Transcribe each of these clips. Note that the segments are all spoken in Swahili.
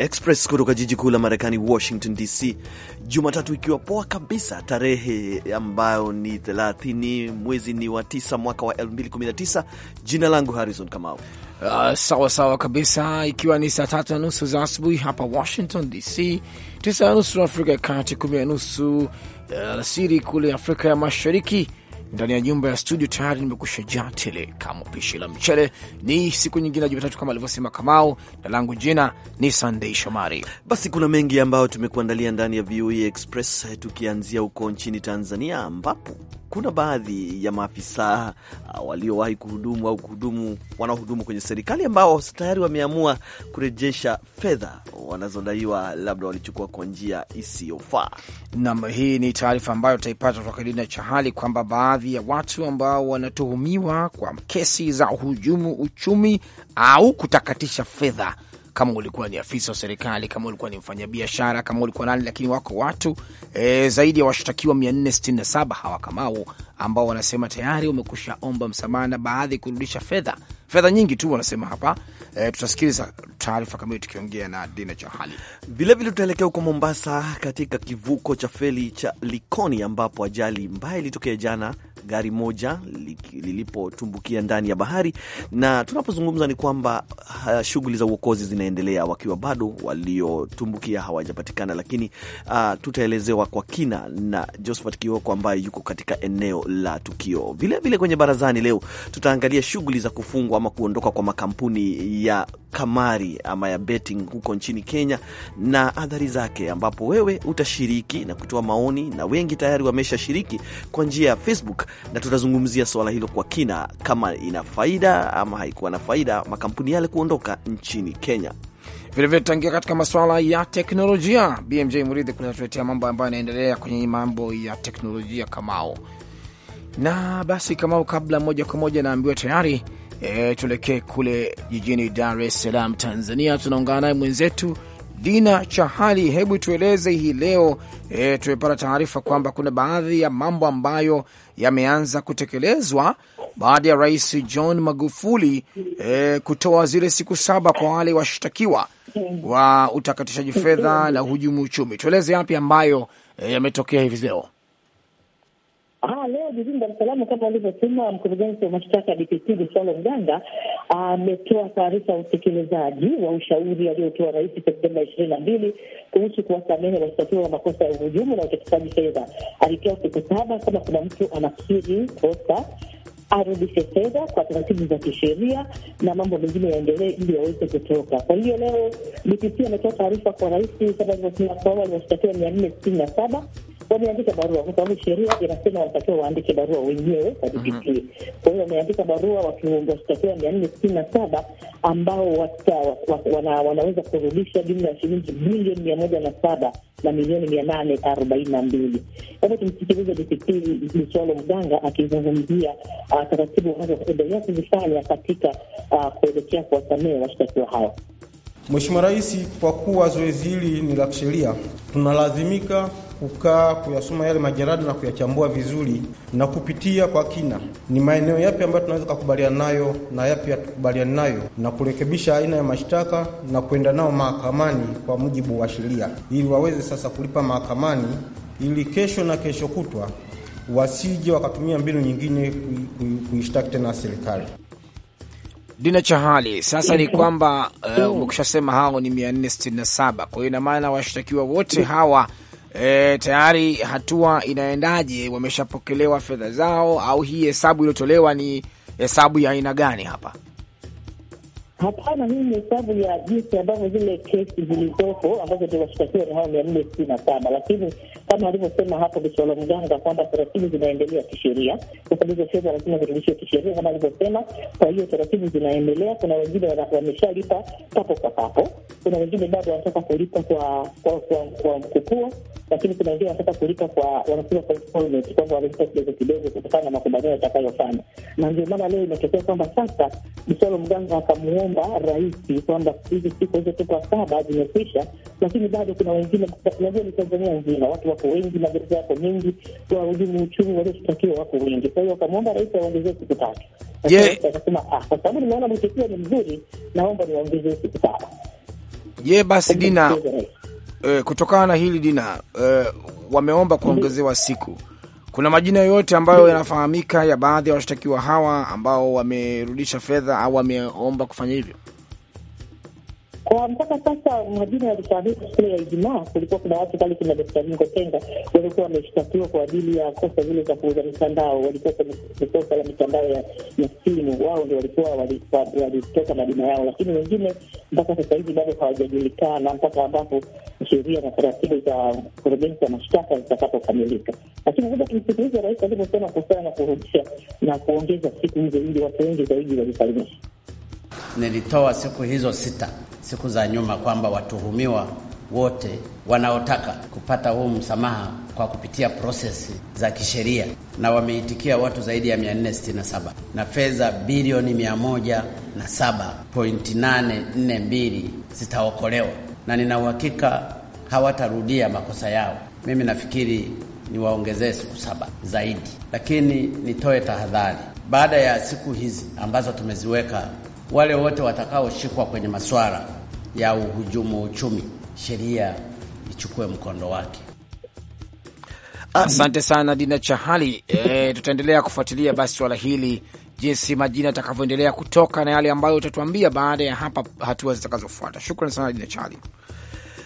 Express kutoka jiji kuu la Marekani, Washington DC, Jumatatu ikiwa poa kabisa, tarehe ambayo ni 30 mwezi ni wa 9 mwaka wa 2019. Jina langu Harrison Kamau. Uh, sawa sawa kabisa, ikiwa ni saa tatu na nusu za asubuhi hapa Washington DC, tisa na nusu Afrika ya Kati, kumi na nusu eh, alasiri uh, kule Afrika ya Mashariki ndani ya nyumba ya studio tayari nimekusha jaa tele kama pishi la mchele. Ni siku nyingine ya Jumatatu kama alivyosema Kamau, na langu jina ni Sandei Shomari. Basi kuna mengi ambayo tumekuandalia ndani ya VOA e Express, tukianzia huko nchini Tanzania ambapo kuna baadhi ya maafisa uh, waliowahi kuhudumu au kuhudumu wanaohudumu kwenye serikali ambao tayari wameamua kurejesha fedha wanazodaiwa labda walichukua kwa njia isiyofaa. Nam, hii ni taarifa ambayo tutaipata kutoka Dina cha hali kwamba baadhi ya watu ambao wanatuhumiwa kwa kesi za uhujumu uchumi au kutakatisha fedha kama ulikuwa ni afisa wa serikali, kama ulikuwa ni mfanyabiashara, kama ulikuwa nani, lakini wako watu e, zaidi ya washtakiwa 467 hawakamau ambao wanasema tayari wamekusha omba msamaha na baadhi kurudisha fedha, fedha nyingi tu wanasema hapa, E, tutasikiliza taarifa kamili tukiongea na Dina Chahali. Vilevile tutaelekea huko Mombasa, katika kivuko cha feli cha Likoni ambapo ajali mbaya ilitokea jana, gari moja lilipotumbukia ndani ya bahari, na tunapozungumza ni kwamba shughuli za uokozi zinaendelea wakiwa bado waliotumbukia hawajapatikana, lakini uh, tutaelezewa kwa kina na Josephat Kioko ambaye yuko katika eneo la tukio. Vilevile kwenye barazani leo tutaangalia shughuli za kufungwa ama kuondoka kwa makampuni ya kamari ama ya betting huko nchini Kenya na athari zake, ambapo wewe utashiriki na kutoa maoni, na wengi tayari wameshashiriki kwa njia ya Facebook, na tutazungumzia swala hilo kwa kina, kama ina faida ama haikuwa na faida makampuni yale kuondoka nchini Kenya. Vilevile tutaingia katika masuala ya teknolojia. BMJ Muridhi kunatuletea mambo ambayo yanaendelea kwenye mambo ya teknolojia kamao. Na basi, Kamao, kabla moja kwa moja naambiwa tayari E, tuelekee kule jijini Dar es Salaam, Tanzania. Tunaungana naye mwenzetu Dina Chahali. Hebu tueleze hii leo e, tumepata taarifa kwamba kuna baadhi ya mambo ambayo yameanza kutekelezwa baada ya Rais John Magufuli e, kutoa zile siku saba kwa wale washtakiwa wa utakatishaji fedha na uhujumu uchumi. Tueleze yapi ambayo e, yametokea hivi leo. Ah, Dar es Salaam, kama alivyosema mkurugenzi wa mashtaka ya DPP Biswalo Mganga ametoa taarifa ya utekelezaji wa ushauri aliotoa Rais Septemba ishirini na mbili kuhusu kuwasamehe washtakiwa wa makosa ya uhujumu na utekaji fedha. Alitoa siku saba kama kuna mtu anakiri kosa arudishe fedha kwa taratibu za kisheria na mambo mengine yaendelee ili yaweze kutoka. Kwa hiyo leo BPC ametoa taarifa kwa rais kama ilivyosema kwamba washtakiwa mia nne sitini na saba wameandika barua, kwa sababu sheria inasema wanatakiwa waandike barua wenyewe kwa DPP. Mhm. Kwa hiyo wameandika barua wakiwashtakiwa mia nne sitini na saba ambao wanaweza kurudisha jumla ya shilingi bilioni mia moja na saba na milioni mia nane arobaini na mbili. Hebu tumsikilize DPP Mtwalo Mganga akizungumzia taratibu taratibu endelea kuzifanya katika uh, kuelekea kuwasamehe washtakiwa hao. Mheshimiwa Rais, kwa kuwa zoezi hili ni la kisheria, tunalazimika kukaa kuyasoma yale majarada na kuyachambua vizuri na kupitia kwa kina, ni maeneo yapi ambayo tunaweza kukubaliana nayo na yapi hatukubaliani nayo, na kurekebisha aina ya mashtaka na kuenda nao mahakamani kwa mujibu wa sheria, ili waweze sasa kulipa mahakamani, ili kesho na kesho kutwa wasije wakatumia mbinu nyingine kuishtaki tena serikali. Dina Chahali, sasa ni kwamba eh, umekushasema hao ni 467 kwa hiyo ina maana washtakiwa wote hawa E, tayari hatua inaendaje? Wameshapokelewa fedha zao, au hii hesabu iliyotolewa ni hesabu ya aina gani hapa? Hapana, hii ni hesabu ya jinsi ambavyo zile kesi zilizopo ambazo ndio washtakiwa ni hao mia nne sitini na saba, lakini kama alivyosema hapo Biswala Mganga kwamba taratibu zinaendelea kisheria. Sasa hizo fedha lazima zirudishwe kisheria kama alivyosema. Kwa hiyo taratibu zinaendelea. Kuna wengine wameshalipa papo kwa papo, kuna wengine bado wanataka kulipa kwa kwa kwa mkupuo lakini kuna wengine wanataka kulipa kwa wanasema kwamba wanalipa kidogo kidogo kutokana na makubaliano yatakayofanya, na ndio maana leo imetokea kwamba sasa Bisalo Mganga akamuomba rais kwamba hizi siku hizo alizotoka saba zimekwisha, lakini bado kuna wengine, najua ni Tanzania nzima, watu wako wengi, magereza yako mengi, wahujumu uchumi walioshtakiwa wako wengi. Kwa hiyo akamwomba rais aongezee siku tatu. Akasema ah, kwa sababu nimeona mwitikio ni mzuri, naomba niwaongezee siku saba. Je, basi Dina eh, kutokana na hili Dina eh, wameomba kuongezewa siku. Kuna majina yoyote ambayo yanafahamika ya baadhi ya washtakiwa hawa ambao wamerudisha fedha au wameomba kufanya hivyo? Kwa mpaka sasa majina yalifahamika siku ya Ijumaa, kulikuwa kuna watu pale, kuna Dokta Mingo Tenga waliokuwa wameshtakiwa kwa ajili ya kosa zile za kuuza mitandao, walikuwa kwenye kosa la mitandao ya simu. Wao ndio walikuwa walitoka majina yao, lakini wengine mpaka sasa hivi bado hawajajulikana mpaka ambapo sheria na taratibu za kurejesha mashtaka zitakapokamilika. Lakini sasa tumsikiliza rais alivyosema kuhusiana na kurudisha na kuongeza siku hizo ili watu wengi zaidi wajisalimishe. Nilitoa siku hizo sita siku za nyuma kwamba watuhumiwa wote wanaotaka kupata huu msamaha kwa kupitia prosesi za kisheria, na wameitikia watu zaidi ya 467 na fedha bilioni 107.842 zitaokolewa, na nina uhakika hawatarudia makosa yao. Mimi nafikiri niwaongezee siku saba zaidi, lakini nitoe tahadhari. Baada ya siku hizi ambazo tumeziweka, wale wote watakaoshikwa kwenye maswara ya uhujumu uchumi, sheria ichukue mkondo wake. Asante sana Dina Chahali. E, tutaendelea kufuatilia basi swala hili jinsi majina atakavyoendelea kutoka na yale ambayo utatuambia baada ya hapa, hatua zitakazofuata. Shukran sana Dina Chahali.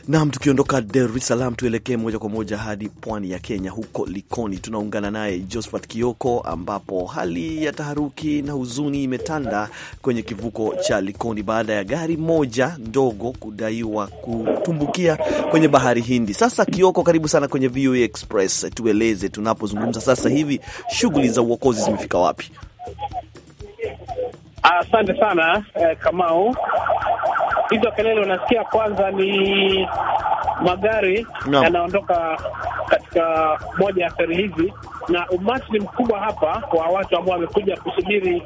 Nam, tukiondoka Dar es Salaam tuelekee moja kwa moja hadi pwani ya Kenya, huko Likoni tunaungana naye Josphat Kioko, ambapo hali ya taharuki na huzuni imetanda kwenye kivuko cha Likoni baada ya gari moja ndogo kudaiwa kutumbukia kwenye bahari Hindi. Sasa Kioko, karibu sana kwenye VOA Express. Tueleze, tunapozungumza sasa hivi, shughuli za uokozi zimefika wapi? Asante sana eh, Kamau. Hizo kelele unasikia kwanza ni magari no. yanaondoka katika moja ya feri hizi, na umati ni mkubwa hapa wa watu ambao wamekuja kusubiri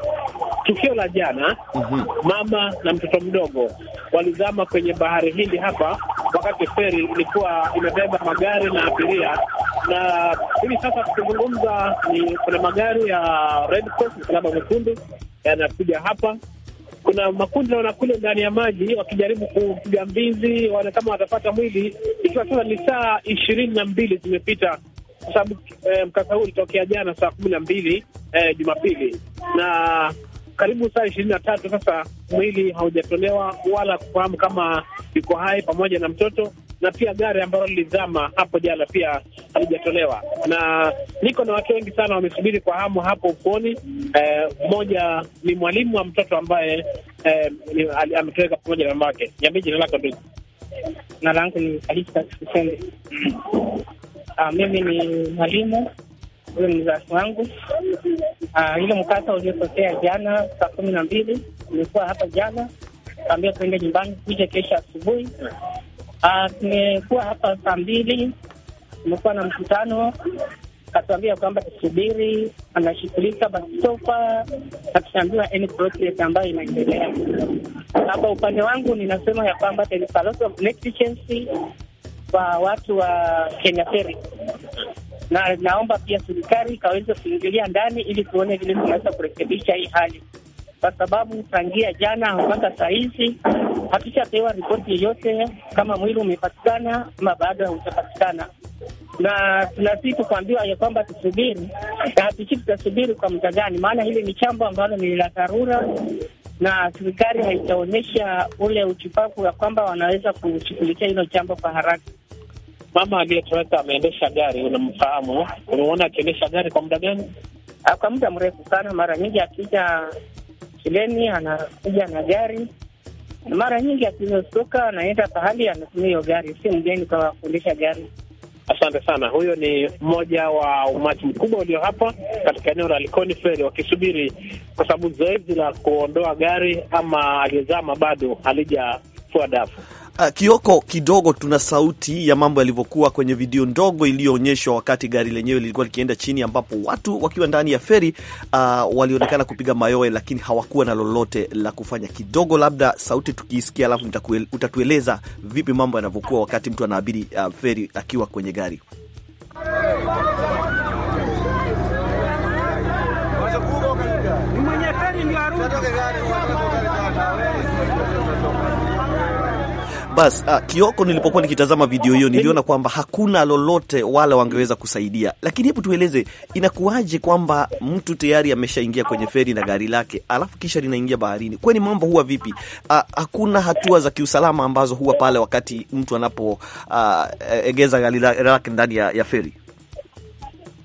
tukio la jana. mm -hmm. Mama na mtoto mdogo walizama kwenye bahari Hindi hapa wakati feri ilikuwa imebeba magari na abiria, na hivi sasa tukizungumza, ni kuna magari ya Red Cross, Msalaba Mwekundu yanakuja hapa. Kuna makundi naona kule ndani ya maji wakijaribu kupiga mbizi, wana kama watapata mwili, ikiwa sasa ni saa ishirini na mbili zimepita kwa sababu eh, mkasa huu ulitokea jana saa kumi na mbili eh, Jumapili na karibu saa ishirini na tatu sasa mwili haujatolewa wala kufahamu kama yuko hai pamoja na mtoto na pia gari ambalo lilizama hapo jana pia halijatolewa, na niko na watu wengi sana wamesubiri kwa hamu hapo ufuoni. Eh, mmoja eh, ni mwalimu wa mtoto ambaye eh, ametoweka pamoja na mamake. Niambie jina lako ndugu. Jina langu ni Alisa Kisende. Ah, mimi ni mwalimu huyo ni mzazi wangu. Ah, ile mkasa uliotokea jana saa kumi na mbili, nilikuwa hapa jana, kaambia tuende nyumbani kuja kesha asubuhi Ah, tumekuwa hapa saa mbili, nimekuwa na mkutano, akatuambia kwamba tusubiri, anashughulika basi sofa na any ambayo inaendelea. Na upande wangu ninasema ya kwamba there is a lot of kwa watu wa Kenya Ferry na naomba pia serikali ikaweze kuingilia ndani ili tuone vile tunaweza kurekebisha hii hali kwa sababu tangia jana mpaka saa hizi hatujapewa ripoti yoyote kama mwili umepatikana ama bado haujapatikana, na tunasiku kuambiwa ya kwamba tusubiri, na hatuchi tutasubiri kwa muda gani, maana hili ni chambo ambalo ni la dharura na serikali haijaonyesha ule uchupavu ya kwamba wanaweza kushughulikia hilo jambo kwa haraka. Mama aliyetoweka ameendesha gari, unamfahamu? Umeona akiendesha gari kwa muda gani? Ah, kwa muda mrefu sana, mara nyingi akija shuleni, anakuja na gari mara nyingi akizosuka anaenda pahali anatumia hiyo gari, si mgeni kwa kufundisha gari. Asante sana. Huyo ni mmoja wa umati mkubwa ulio hapa katika eneo la Likoni Ferry wakisubiri, kwa sababu zoezi la kuondoa gari ama aliyezama bado halijafua dafu. Uh, Kioko, kidogo tuna sauti ya mambo yalivyokuwa kwenye video ndogo iliyoonyeshwa wakati gari lenyewe lilikuwa likienda chini, ambapo watu wakiwa ndani ya feri uh, walionekana kupiga mayowe, lakini hawakuwa na lolote la kufanya. Kidogo labda sauti tukiisikia, alafu utatueleza vipi mambo yanavyokuwa wakati mtu anaabiri uh, feri akiwa kwenye gari. bas uh, Kioko, nilipokuwa nikitazama video hiyo niliona kwamba hakuna lolote wala wangeweza kusaidia, lakini hebu tueleze inakuwaje kwamba mtu tayari ameshaingia kwenye feri na gari lake alafu kisha linaingia baharini? Kwani mambo huwa vipi? Uh, hakuna hatua za kiusalama ambazo huwa pale wakati mtu anapoegeza ah, eh, uh, gari lake ndani ya, ya feri?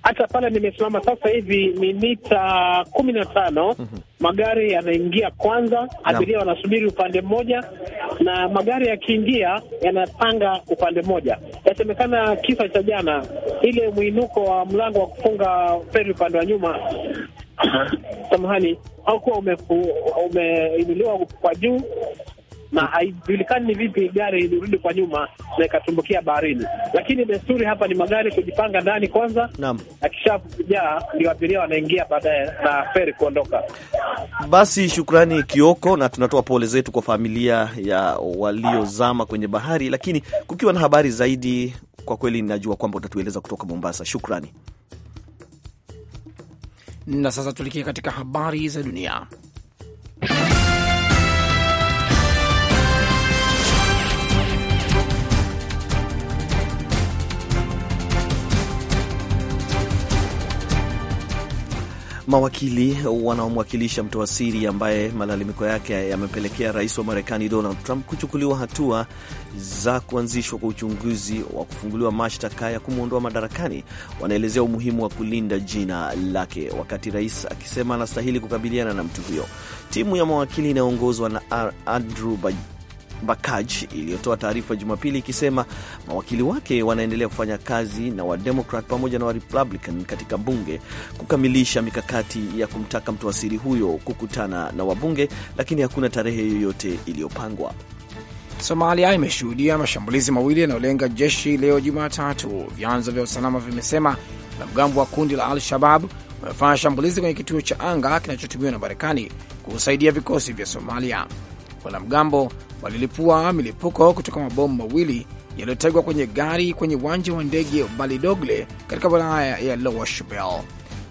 hata pale nimesimama sasa hivi ni mita kumi na tano. Mhm. Magari yanaingia kwanza, abiria wanasubiri upande mmoja, na magari yakiingia yanapanga upande mmoja. Yasemekana kisa cha jana, ile mwinuko wa mlango wa kufunga feri upande wa nyuma samahani, haukuwa umeinuliwa kwa juu na haijulikani ni vipi gari ilirudi kwa nyuma na ikatumbukia baharini, lakini desturi hapa ni magari kujipanga ndani kwanza, akishajaa ndio abiria wanaingia baadaye na feri kuondoka. Basi shukrani Kioko, na tunatoa pole zetu kwa familia ya waliozama kwenye bahari, lakini kukiwa na habari zaidi, kwa kweli ninajua kwamba utatueleza kutoka Mombasa. Shukrani. Na sasa tuelekee katika habari za dunia. Mawakili wanaomwakilisha mtoa siri ambaye malalamiko yake yamepelekea rais wa Marekani Donald Trump kuchukuliwa hatua za kuanzishwa kwa uchunguzi wa kufunguliwa mashtaka ya kumwondoa madarakani wanaelezea umuhimu wa kulinda jina lake, wakati rais akisema anastahili kukabiliana na mtu huyo. Timu ya mawakili inayoongozwa na Andrew Bakaj iliyotoa taarifa Jumapili ikisema mawakili wake wanaendelea kufanya kazi na Wademokrat pamoja na Warepublican katika bunge kukamilisha mikakati ya kumtaka asiri huyo kukutana na wabunge, lakini hakuna tarehe yoyote iliyopangwa. Somalia imeshuhudia mashambulizi mawili yanayolenga jeshi leo Jumatatu, vyanzo vya usalama vimesema. Wanamgambo wa kundi la Al-Shabab wamefanya shambulizi kwenye kituo cha anga kinachotumiwa na Marekani kusaidia vikosi vya Somalia. Wanamgambo walilipua milipuko kutoka mabomu mawili yaliyotegwa kwenye gari kwenye uwanja wa ndege Balidogle katika wilaya ya Lower Shebelle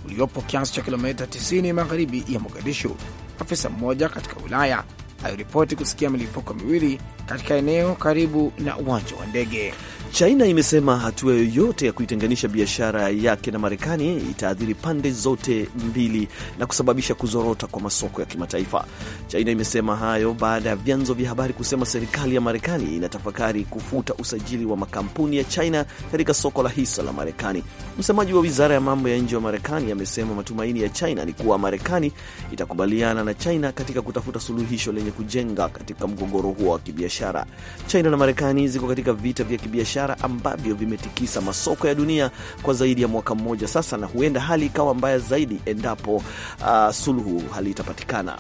uliopo kiasi cha kilomita 90 magharibi ya Mogadishu. Afisa mmoja katika wilaya aliripoti kusikia milipuko miwili katika eneo karibu na uwanja wa ndege. China imesema hatua yoyote ya kuitenganisha biashara yake na Marekani itaathiri pande zote mbili na kusababisha kuzorota kwa masoko ya kimataifa. China imesema hayo baada ya vyanzo vya habari kusema serikali ya Marekani inatafakari kufuta usajili wa makampuni ya China katika soko la hisa la Marekani. Msemaji wa wizara ya mambo ya nje wa Marekani amesema matumaini ya China ni kuwa Marekani itakubaliana na China katika kutafuta suluhisho lenye kujenga katika mgogoro huo wa kibiashara. China na Marekani ziko katika vita vya kibiashara biashara ambavyo vimetikisa masoko ya dunia kwa zaidi ya mwaka mmoja sasa, na huenda hali ikawa mbaya zaidi endapo uh, suluhu halitapatikana.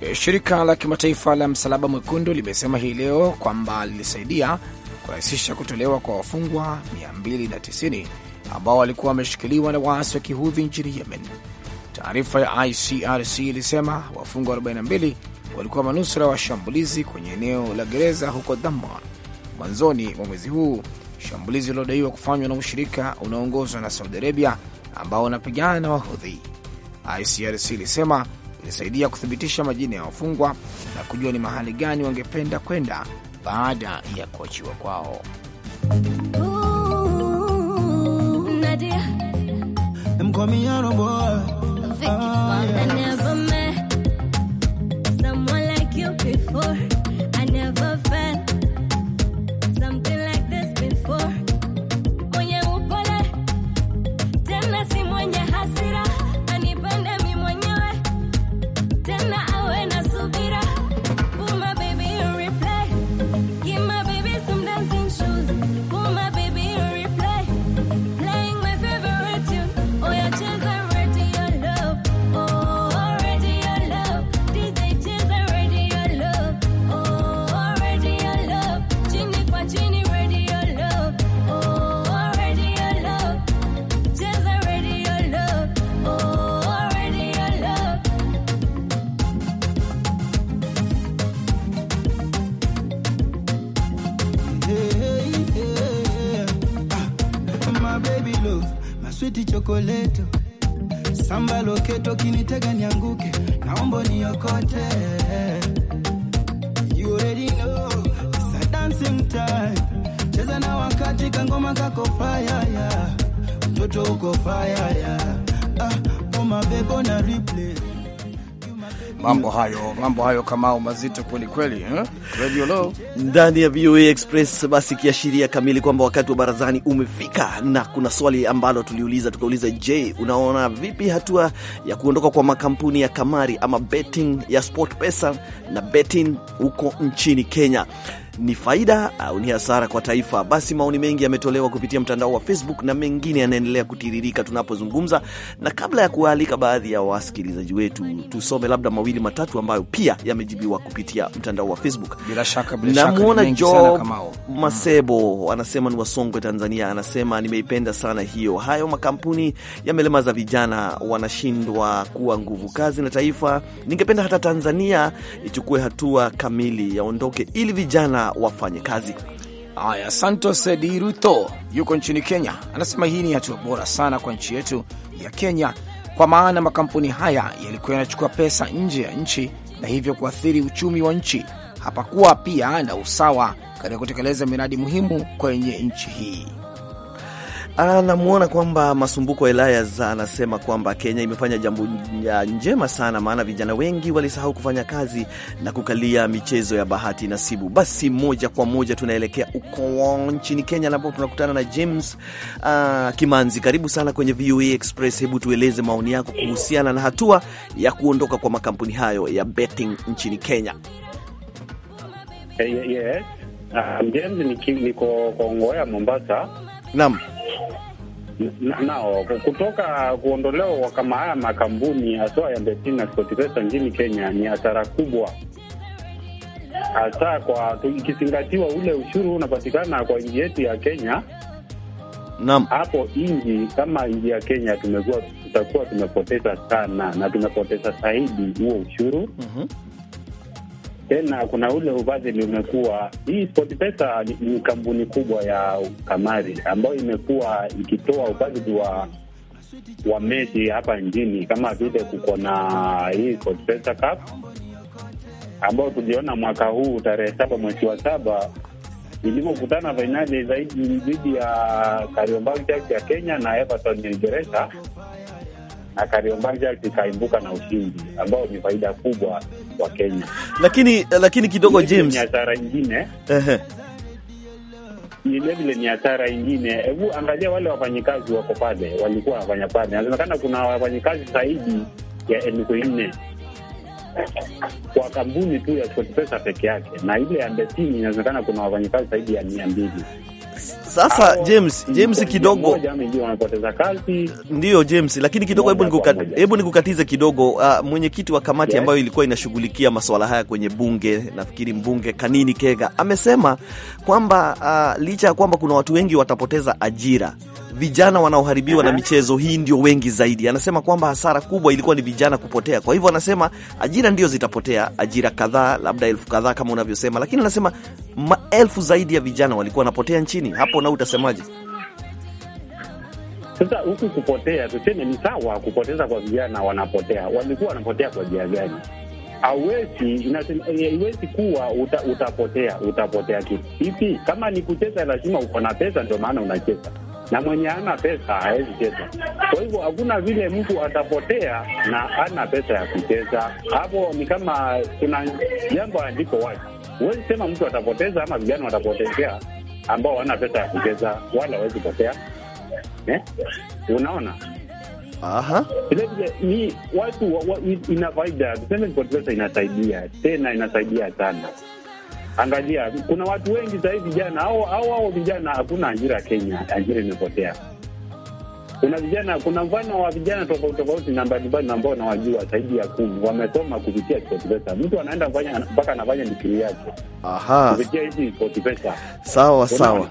Eh, shirika la kimataifa la Msalaba Mwekundu limesema hii leo kwamba lilisaidia kurahisisha kutolewa kwa wafungwa 290 ambao walikuwa wameshikiliwa na waasi wa kihudhi nchini Yemen. Taarifa ya ICRC ilisema wafungwa 42 walikuwa manusura wa shambulizi kwenye eneo la gereza huko Dhamar mwanzoni mwa mwezi huu, shambulizi lilodaiwa kufanywa na ushirika unaoongozwa na Saudi Arabia ambao wanapigana na Wahudhi. ICRC ilisema ilisaidia kuthibitisha majina ya wafungwa na kujua ni mahali gani wangependa kwenda baada ya kuachiwa kwao. Ooh, Milo, maswiti chocolate samba loketo, kinitega nianguke, naomba niokote. You already know, it's a dancing time. Cheza na wakati kangoma kako fire ya. Mtoto uko fire ya. Ah, oh my baby on a replay. Mambo hayo mambo hayo kama mazito kweli kweli, eh? Radio Low ndani ya VOA Express. Basi kiashiria kamili kwamba wakati wa barazani umefika, na kuna swali ambalo tuliuliza tukauliza, je, unaona vipi hatua ya kuondoka kwa makampuni ya kamari ama betting ya Sport Pesa na betting huko nchini Kenya? ni faida au ni hasara kwa taifa? Basi maoni mengi yametolewa kupitia mtandao wa Facebook na mengine yanaendelea kutiririka tunapozungumza, na kabla ya kuwaalika baadhi ya wasikilizaji wetu, tusome labda mawili matatu ambayo pia yamejibiwa kupitia mtandao wa Facebook. Bila shaka, bila shaka, namwona Job mm. Masebo anasema ni Wasongwe, Tanzania, anasema nimeipenda sana hiyo. Hayo makampuni yamelemaza vijana, wanashindwa kuwa nguvu kazi na taifa. Ningependa hata Tanzania ichukue hatua kamili, yaondoke ili vijana na kazi Haya, Santos Diruto yuko nchini Kenya, anasema hii ni hatua bora sana kwa nchi yetu ya Kenya, kwa maana makampuni haya yalikuwa yanachukua pesa nje ya nchi na hivyo kuathiri uchumi wa nchi. Hapakuwa pia na usawa katika kutekeleza miradi muhimu kwenye nchi hii anamwona ah, kwamba Masumbuko Elias anasema kwamba Kenya imefanya jambo njema sana, maana vijana wengi walisahau kufanya kazi na kukalia michezo ya bahati nasibu. Basi moja kwa moja tunaelekea uko nchini Kenya, ambapo tunakutana na James uh, Kimanzi. Karibu sana kwenye VOA Express. Hebu tueleze maoni yako kuhusiana na hatua ya kuondoka kwa makampuni hayo ya betting nchini Kenya. Hey, eh, yeah. Uh, James niko Kongoya, Mombasa. Naam nao kutoka kuondolewa kwa kama haya makampuni haswa ya Betting na SportPesa nchini Kenya ni hasara kubwa, hasa kwa ikizingatiwa ule ushuru unapatikana kwa nchi yetu ya Kenya. Naam, hapo nchi kama nchi ya Kenya tumekuwa tutakuwa tumepoteza sana na tumepoteza zaidi huo ushuru. mm -hmm. Tena kuna ule uvazi umekuwa, hii Pesa ni kampuni kubwa ya kamari ambayo imekuwa ikitoa uvazi wa wa mechi hapa nchini, kama vile kuko na hii Pesa Cup ambayo tuliona mwaka huu tarehe saba mwezi wa saba ilivyokutana fainali zaidi dhidi ya Kariobangi Sharks ya Kenya na Everton ya Uingereza, na Kariobangi Sharks na ushindi ambao ni faida kubwa kwa Kenya, lakini eh, lakini kidogo James, hasara nyingine ehe vilevile ni hasara ingine. Hebu angalia wale wafanyikazi wako pale, walikuwa wafanya pale, inasemekana kuna wafanyikazi zaidi ya elfu nne kwa kampuni tu ya SportPesa peke yake, na ile ya Betini inawezekana kuna wafanyikazi zaidi ya mia mbili. Sasa James, James kidogo ndiyo James, lakini kidogo hebu nikukatize, hebu nikukatize kidogo. Uh, mwenyekiti wa kamati yes, ambayo ilikuwa inashughulikia masuala haya kwenye bunge, nafikiri mbunge Kanini Kega amesema kwamba uh, licha ya kwamba kuna watu wengi watapoteza ajira vijana wanaoharibiwa na michezo hii ndio wengi zaidi. Anasema kwamba hasara kubwa ilikuwa ni vijana kupotea. Kwa hivyo anasema ajira ndio zitapotea, ajira kadhaa, labda elfu kadhaa kama unavyosema, lakini anasema maelfu zaidi ya vijana walikuwa wanapotea nchini. Hapo nao utasemaje? Sasa huku kupotea, tuseme ni sawa, kupoteza kwa vijana wanapotea, walikuwa wanapotea kwa njia gani? Eh, haiwezi kuwa uta, utapotea utapotea kitu hivi. Kama ni kucheza, lazima uko na pesa, ndio maana unacheza na mwenye ana pesa hawezi cheza. Kwa hivyo hakuna vile mtu atapotea na ana pesa ya kucheza. Hapo ni kama kuna jambo andiko wazi, huwezi sema mtu atapoteza ama vijana watapotezea ambao wana pesa ya kucheza, wala hawezi potea eh? Unaona vilevile ni watu wa, wa, ina faida tuseme, ina inasaidia tena, inasaidia sana Angalia, kuna watu wengi sasa hivi vijana au hao vijana, hakuna ajira Kenya, ajira imepotea. Kuna vijana, kuna mfano wa vijana tofauti tofauti na mbalimbali ambao nawajua zaidi ya kumi wamesoma kupitia SportPesa. Mtu anaenda mpaka anafanya dikiri yake kupitia hizi SportPesa. Sawa sawa.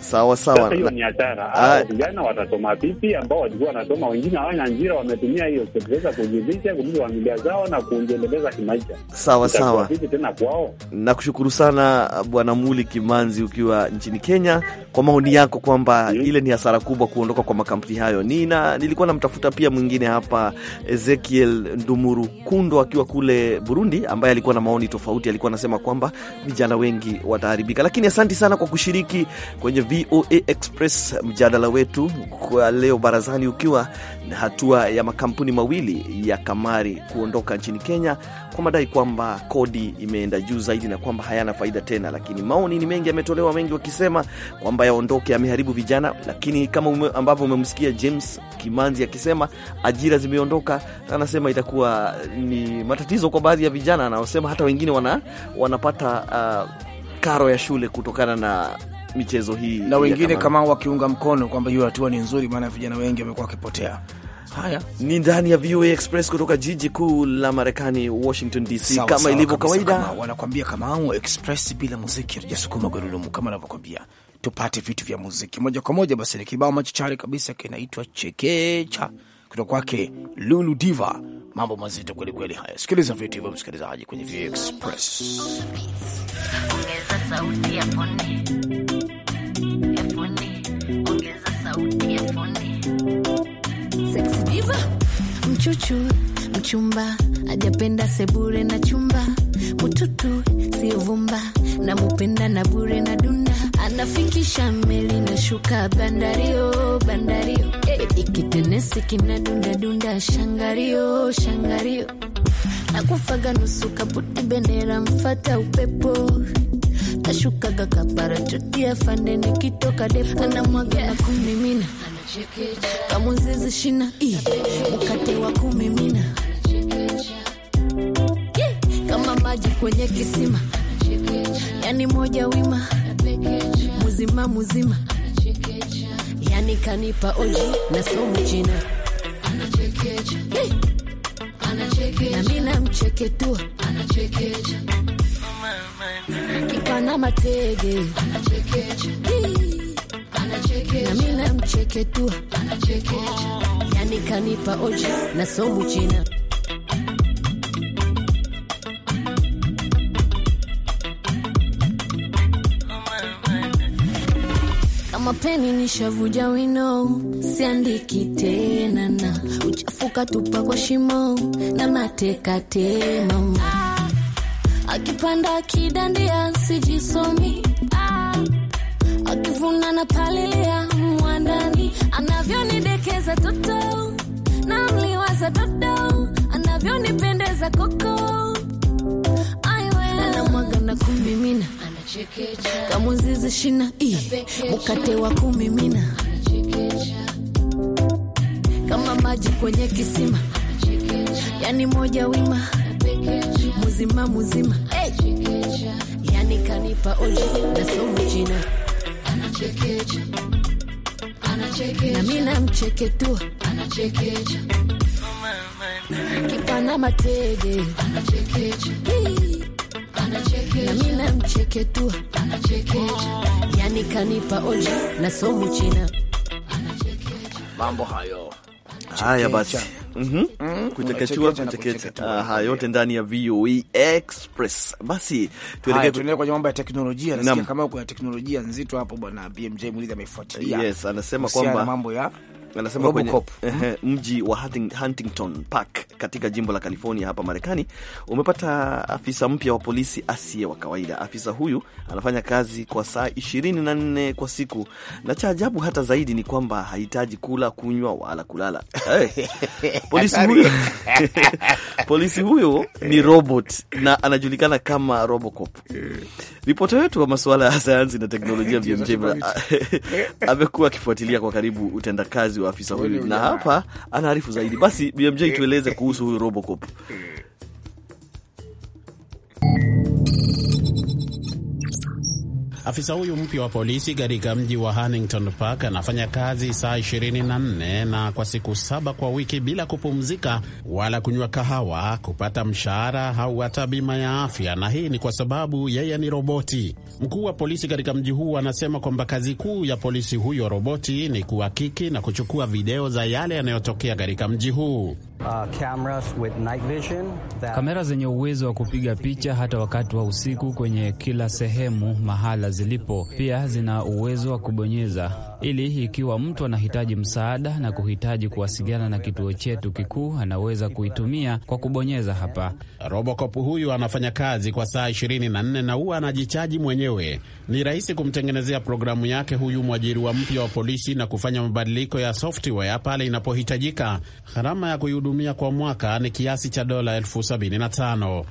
Sawa sawa, hiyo ni hatara. Ah. Vijana watasoma vipi ambao walikuwa wanasoma? Wengine hawana ajira, wametumia hiyo kuweza kujilisha, kulisha familia zao na kujiendeleza kimaisha. Sawa sawa, vipi tena kwao. Nakushukuru sana uh, Bwana Muli Kimanzi ukiwa nchini Kenya kwa maoni yako kwamba -hmm. ile ni hasara kubwa kuondoka kwa makampuni hayo. Nina nilikuwa namtafuta pia mwingine hapa Ezekiel Ndumuru Kundo akiwa kule Burundi, ambaye alikuwa na maoni tofauti, alikuwa anasema kwamba vijana wengi wataharibika. Lakini asanti sana kwa kushiriki kwenye kwenye VOA Express, mjadala wetu kwa leo barazani ukiwa na hatua ya makampuni mawili ya kamari kuondoka nchini Kenya kwa madai kwamba kodi imeenda juu zaidi na kwamba hayana faida tena. Lakini maoni ni mengi yametolewa, mengi wakisema kwamba yaondoke, yameharibu vijana. Lakini kama ume, ambavyo umemsikia James Kimanzi akisema ajira zimeondoka, anasema itakuwa ni matatizo kwa baadhi ya vijana, anaosema hata wengine wana, wanapata uh, karo ya shule kutokana na michezo hii na wengine kama wakiunga mkono kwamba hiyo hatua ni nzuri, maana vijana wengi wamekuwa wakipotea. Haya ni ndani ya VOA Express kutoka jiji kuu la Marekani, Washington DC. Kama ilivyo kawaida, wanakwambia kama au express bila muziki hatujasukuma gurudumu, kama anavyokwambia tupate vitu vya muziki moja kwa moja. Basi ni kibao machachari kabisa kinaitwa chekecha kutoka kwake Lulu Diva. Mambo mazito kweli kweli. Haya, sikiliza vitu hivyo msikilizaji kwenye VOA Express. sauti ya fundi sexy diva mchuchu mchumba ajapenda sebure na chumba mututu siovumba na mupenda na bure na dunda anafikisha meli na shuka bandario bandario eh, ikitenesi kina dunda dunda shangario shangario nakufaga nusu kabuti bendera mfata upepo Kashukaga kaparachutia fande nikitoka depo anamwagea kumimina kamwezezi shina i mkate wa kumimina kama maji kwenye kisima, yani moja wima muzima muzima, yani kanipa oji na somu jina nami namcheketua kipana matege nami namcheke tu, yani kanipa oja na sombu china kama nishavuja wino, siandiki tena na uchafuka tupa kwa shimo na mateka te mama akipanda kidandia sijisomi, ah, akivuna na palilia mwandani, anavyonidekeza toto na mliwaza dodo, anavyonipendeza koko na kumimina kamuzizi shina i mkate wa kumimina kama maji kwenye kisima, yani moja wima mzima mzima, yani kanipa oji na somo jina, anachekecha anachekecha, na mimi namcheketua anachekecha, kipana matege anachekecha na mimi namcheketua anachekecha, yani kanipa oji na somo jina, mambo hayo Haya basi, mhm. mm-hmm. kuchekechua kuchekecha ah, yote ndani ya VOA e Express. Basi tuelekee kwenye mambo ya teknolojia. Nasikia kama kuna teknolojia nzito hapo, bwana BMJ Murithi amefuatilia. Yes, anasema kwamba mambo ya anasema kwenye mji wa Huntington Park katika jimbo la California hapa Marekani umepata afisa mpya wa polisi asiye wa kawaida. Afisa huyu anafanya kazi kwa saa 24 kwa siku, na cha ajabu hata zaidi ni kwamba hahitaji kula, kunywa wala kulala. Polisi huyo polisi huyo ni robot na anajulikana kama Robocop. Ripoti wetu wa masuala ya sayansi na teknolojia BMJ amekuwa akifuatilia kwa karibu utendakazi afisa huyu, na hapa anaarifu zaidi. Basi BMJ, tueleze kuhusu huyu Robocop. Eh, Afisa huyu mpya wa polisi katika mji wa Huntington Park anafanya kazi saa 24 na kwa siku saba kwa wiki bila kupumzika wala kunywa kahawa, kupata mshahara au hata bima ya afya, na hii ni kwa sababu yeye ni roboti. Mkuu wa polisi katika mji huu anasema kwamba kazi kuu ya polisi huyo roboti ni kuhakiki na kuchukua video za yale yanayotokea katika mji huu. Uh, kamera zenye uwezo wa kupiga picha hata wakati wa usiku kwenye kila sehemu mahala zilipo, pia zina uwezo wa kubonyeza ili ikiwa mtu anahitaji msaada na kuhitaji kuwasiliana na kituo chetu kikuu anaweza kuitumia kwa kubonyeza hapa. Robocop huyu anafanya kazi kwa saa 24 na huwa anajichaji mwenyewe. Ni rahisi kumtengenezea programu yake huyu mwajiriwa mpya wa polisi na kufanya mabadiliko ya software pale inapohitajika. Gharama ya kuihudumia kwa mwaka ni kiasi cha dola elfu sabini na tano. Uh,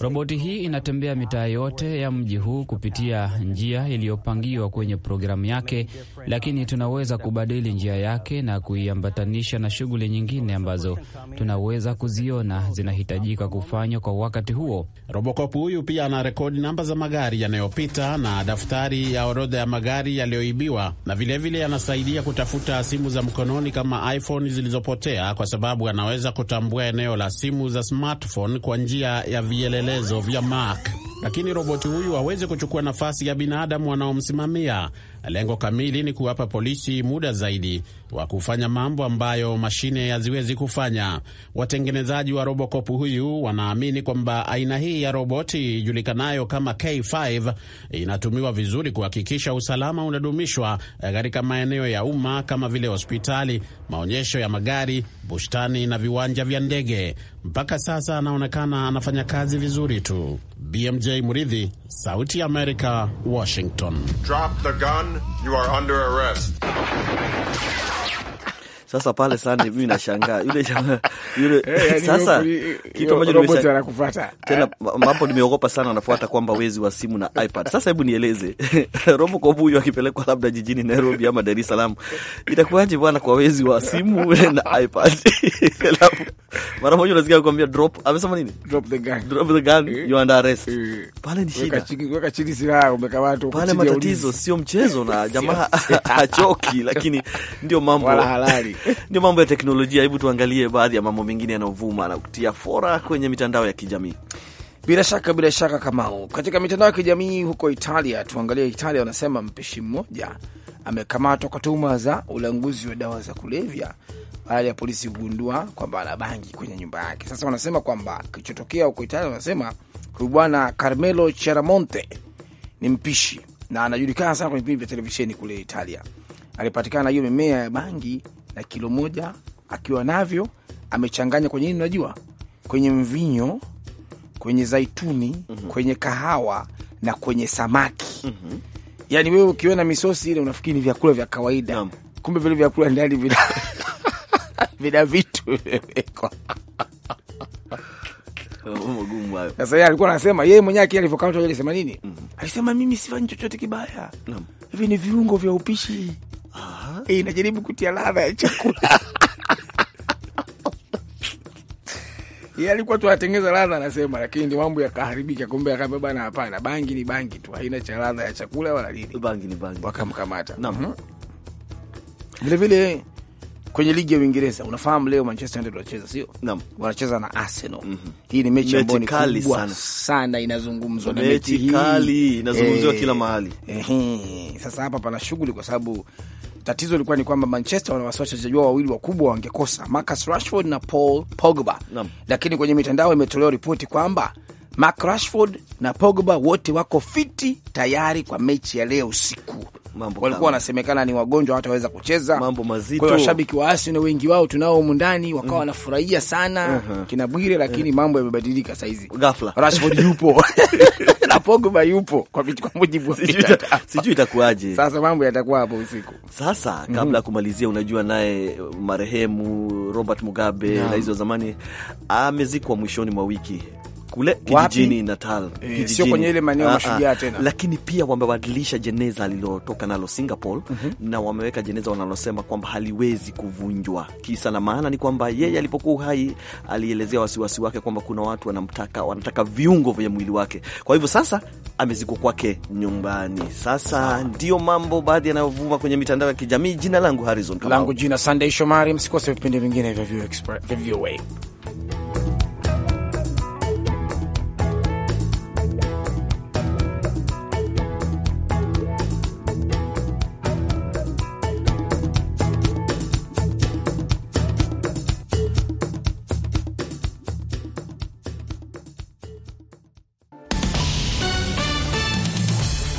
Roboti hii inatembea mitaa yote ya mji huu kupitia njia iliyo unapangiwa kwenye programu yake, lakini tunaweza kubadili njia yake na kuiambatanisha na shughuli nyingine ambazo tunaweza kuziona zinahitajika kufanywa kwa wakati huo. Robocop huyu pia ana rekodi namba za magari yanayopita na daftari ya orodha ya magari yaliyoibiwa, na vilevile anasaidia kutafuta simu za mkononi kama iPhone zilizopotea, kwa sababu anaweza kutambua eneo la simu za smartphone kwa njia ya vielelezo vya mark lakini roboti huyu hawezi kuchukua nafasi ya binadamu wanaomsimamia. Lengo kamili ni kuwapa polisi muda zaidi wa kufanya mambo ambayo mashine haziwezi kufanya. Watengenezaji wa Robocop huyu wanaamini kwamba aina hii ya roboti ijulikanayo kama K5 inatumiwa vizuri kuhakikisha usalama unadumishwa eh, katika maeneo ya umma kama vile hospitali, maonyesho ya magari, bustani na viwanja vya ndege. Mpaka sasa anaonekana anafanya kazi vizuri tu. BMJ Muridhi, Sauti ya Amerika, Washington. Drop the gun. you are under arrest. Sasa pale sana mimi nashangaa yule jamaa yule hey, eh, sasa kitu ambacho nimeshakufuata tena mambo nimeogopa sana, wanafuata kwamba wezi wa simu na iPad. Sasa hebu nieleze Robo Kobu huyu akipelekwa labda jijini Nairobi ama Dar es Salaam itakuwaje bwana, kwa wezi wa simu na iPad? Alafu mara moja unasikia kukwambia drop, amesema nini? Drop the gun, drop the gun, eh. you under arrest. Eh. Pale ni shida, weka chini silaha, umekamatwa pale. Matatizo sio mchezo, na jamaa achoki, lakini ndio mambo wala halali Ndio mambo ya teknolojia. Hebu tuangalie baadhi ya mambo mengine yanayovuma na kutia fora kwenye mitandao ya kijamii. Bila shaka, bila shaka, Kamau, katika mitandao ya kijamii huko Italia, tuangalie Italia. Wanasema mpishi mmoja amekamatwa kwa tuhuma za ulanguzi wa dawa za kulevya baada ya polisi kugundua kwamba ana bangi kwenye nyumba yake. Sasa wanasema kwamba kilichotokea huko Italia, wanasema huyu bwana Carmelo Cheramonte ni mpishi na anajulikana sana kwenye vipindi vya televisheni kule Italia. Alipatikana hiyo mimea ya bangi na kilo moja akiwa navyo amechanganya kwenye nini, unajua, kwenye mvinyo, kwenye zaituni, mm -hmm. kwenye kahawa na kwenye samaki mm -hmm. Yani wewe ukiona misosi ile unafikiri ni vyakula vya kawaida yeah. Kumbe vile vyakula ndani vina vina vitu vimewekwa Sasa yeye alikuwa anasema yeye mwenyewe kile alivyokamata mm mhm. -hmm. Alisema mimi sifanyi chochote kibaya. Hivi ni viungo vya upishi e, inajaribu kutia ladha ya chakula alikuwa yaani tuatengeza ladha anasema, lakini ndio mambo yakaharibika. Kumbe akaambia bana, hapana, bangi ni bangi tu, haina cha ladha ya chakula wala nini, bangi ni bangi. Wakamkamata Vilevile mhm. kwenye ligi ya Uingereza unafahamu, leo Manchester United wanacheza, sio naam? Wanacheza na Arsenal. mm -hmm. Hii ni mechi ambayo ni sana sana, inazungumzwa na mechi kali, inazungumziwa kila eh, mahali eh, Sasa hapa pana shughuli kwa sababu tatizo ilikuwa ni kwamba Manchester wana wachezaji wao wawili wakubwa wangekosa Marcus Rashford na Paul Pogba Nam. lakini kwenye mitandao imetolewa ripoti kwamba Mark Rashford na Pogba wote wako fiti tayari kwa mechi ya leo usiku. Walikuwa wanasemekana ni wagonjwa, wataweza kucheza. Mambo mazito kwa washabiki wa Arsenal, wengi wao tunao humu ndani, wakawa mm. wanafurahia sana uh -huh. kina Bwire, lakini uh eh. -huh. mambo yamebadilika saizi, ghafla Rashford yupo na Pogba yupo kwa mujibu wa sijui itakuwaje sasa, mambo yatakuwa hapo usiku sasa kabla ya mm -hmm. kumalizia, unajua naye marehemu Robert Mugabe rais hizo wa zamani amezikwa mwishoni mwa wiki kule kijijini Natal, e, sio kwenye ile maeneo ya ah, mashujaa ah. tena, lakini pia wamebadilisha jeneza alilotoka nalo Singapore mm -hmm. na wameweka jeneza wanalosema kwamba haliwezi kuvunjwa. Kisa na maana ni kwamba yeye alipokuwa uhai alielezea wasiwasi wake kwamba kuna watu wanamtaka, wanataka viungo vya mwili wake. Kwa hivyo sasa amezikwa kwake nyumbani. Sasa ndio mambo baadhi yanayovuma kwenye mitandao ya kijamii. Jina langu Harrison, Kamau, langu jina Sunday Shomari. Msikose vipindi vingine vya VOA.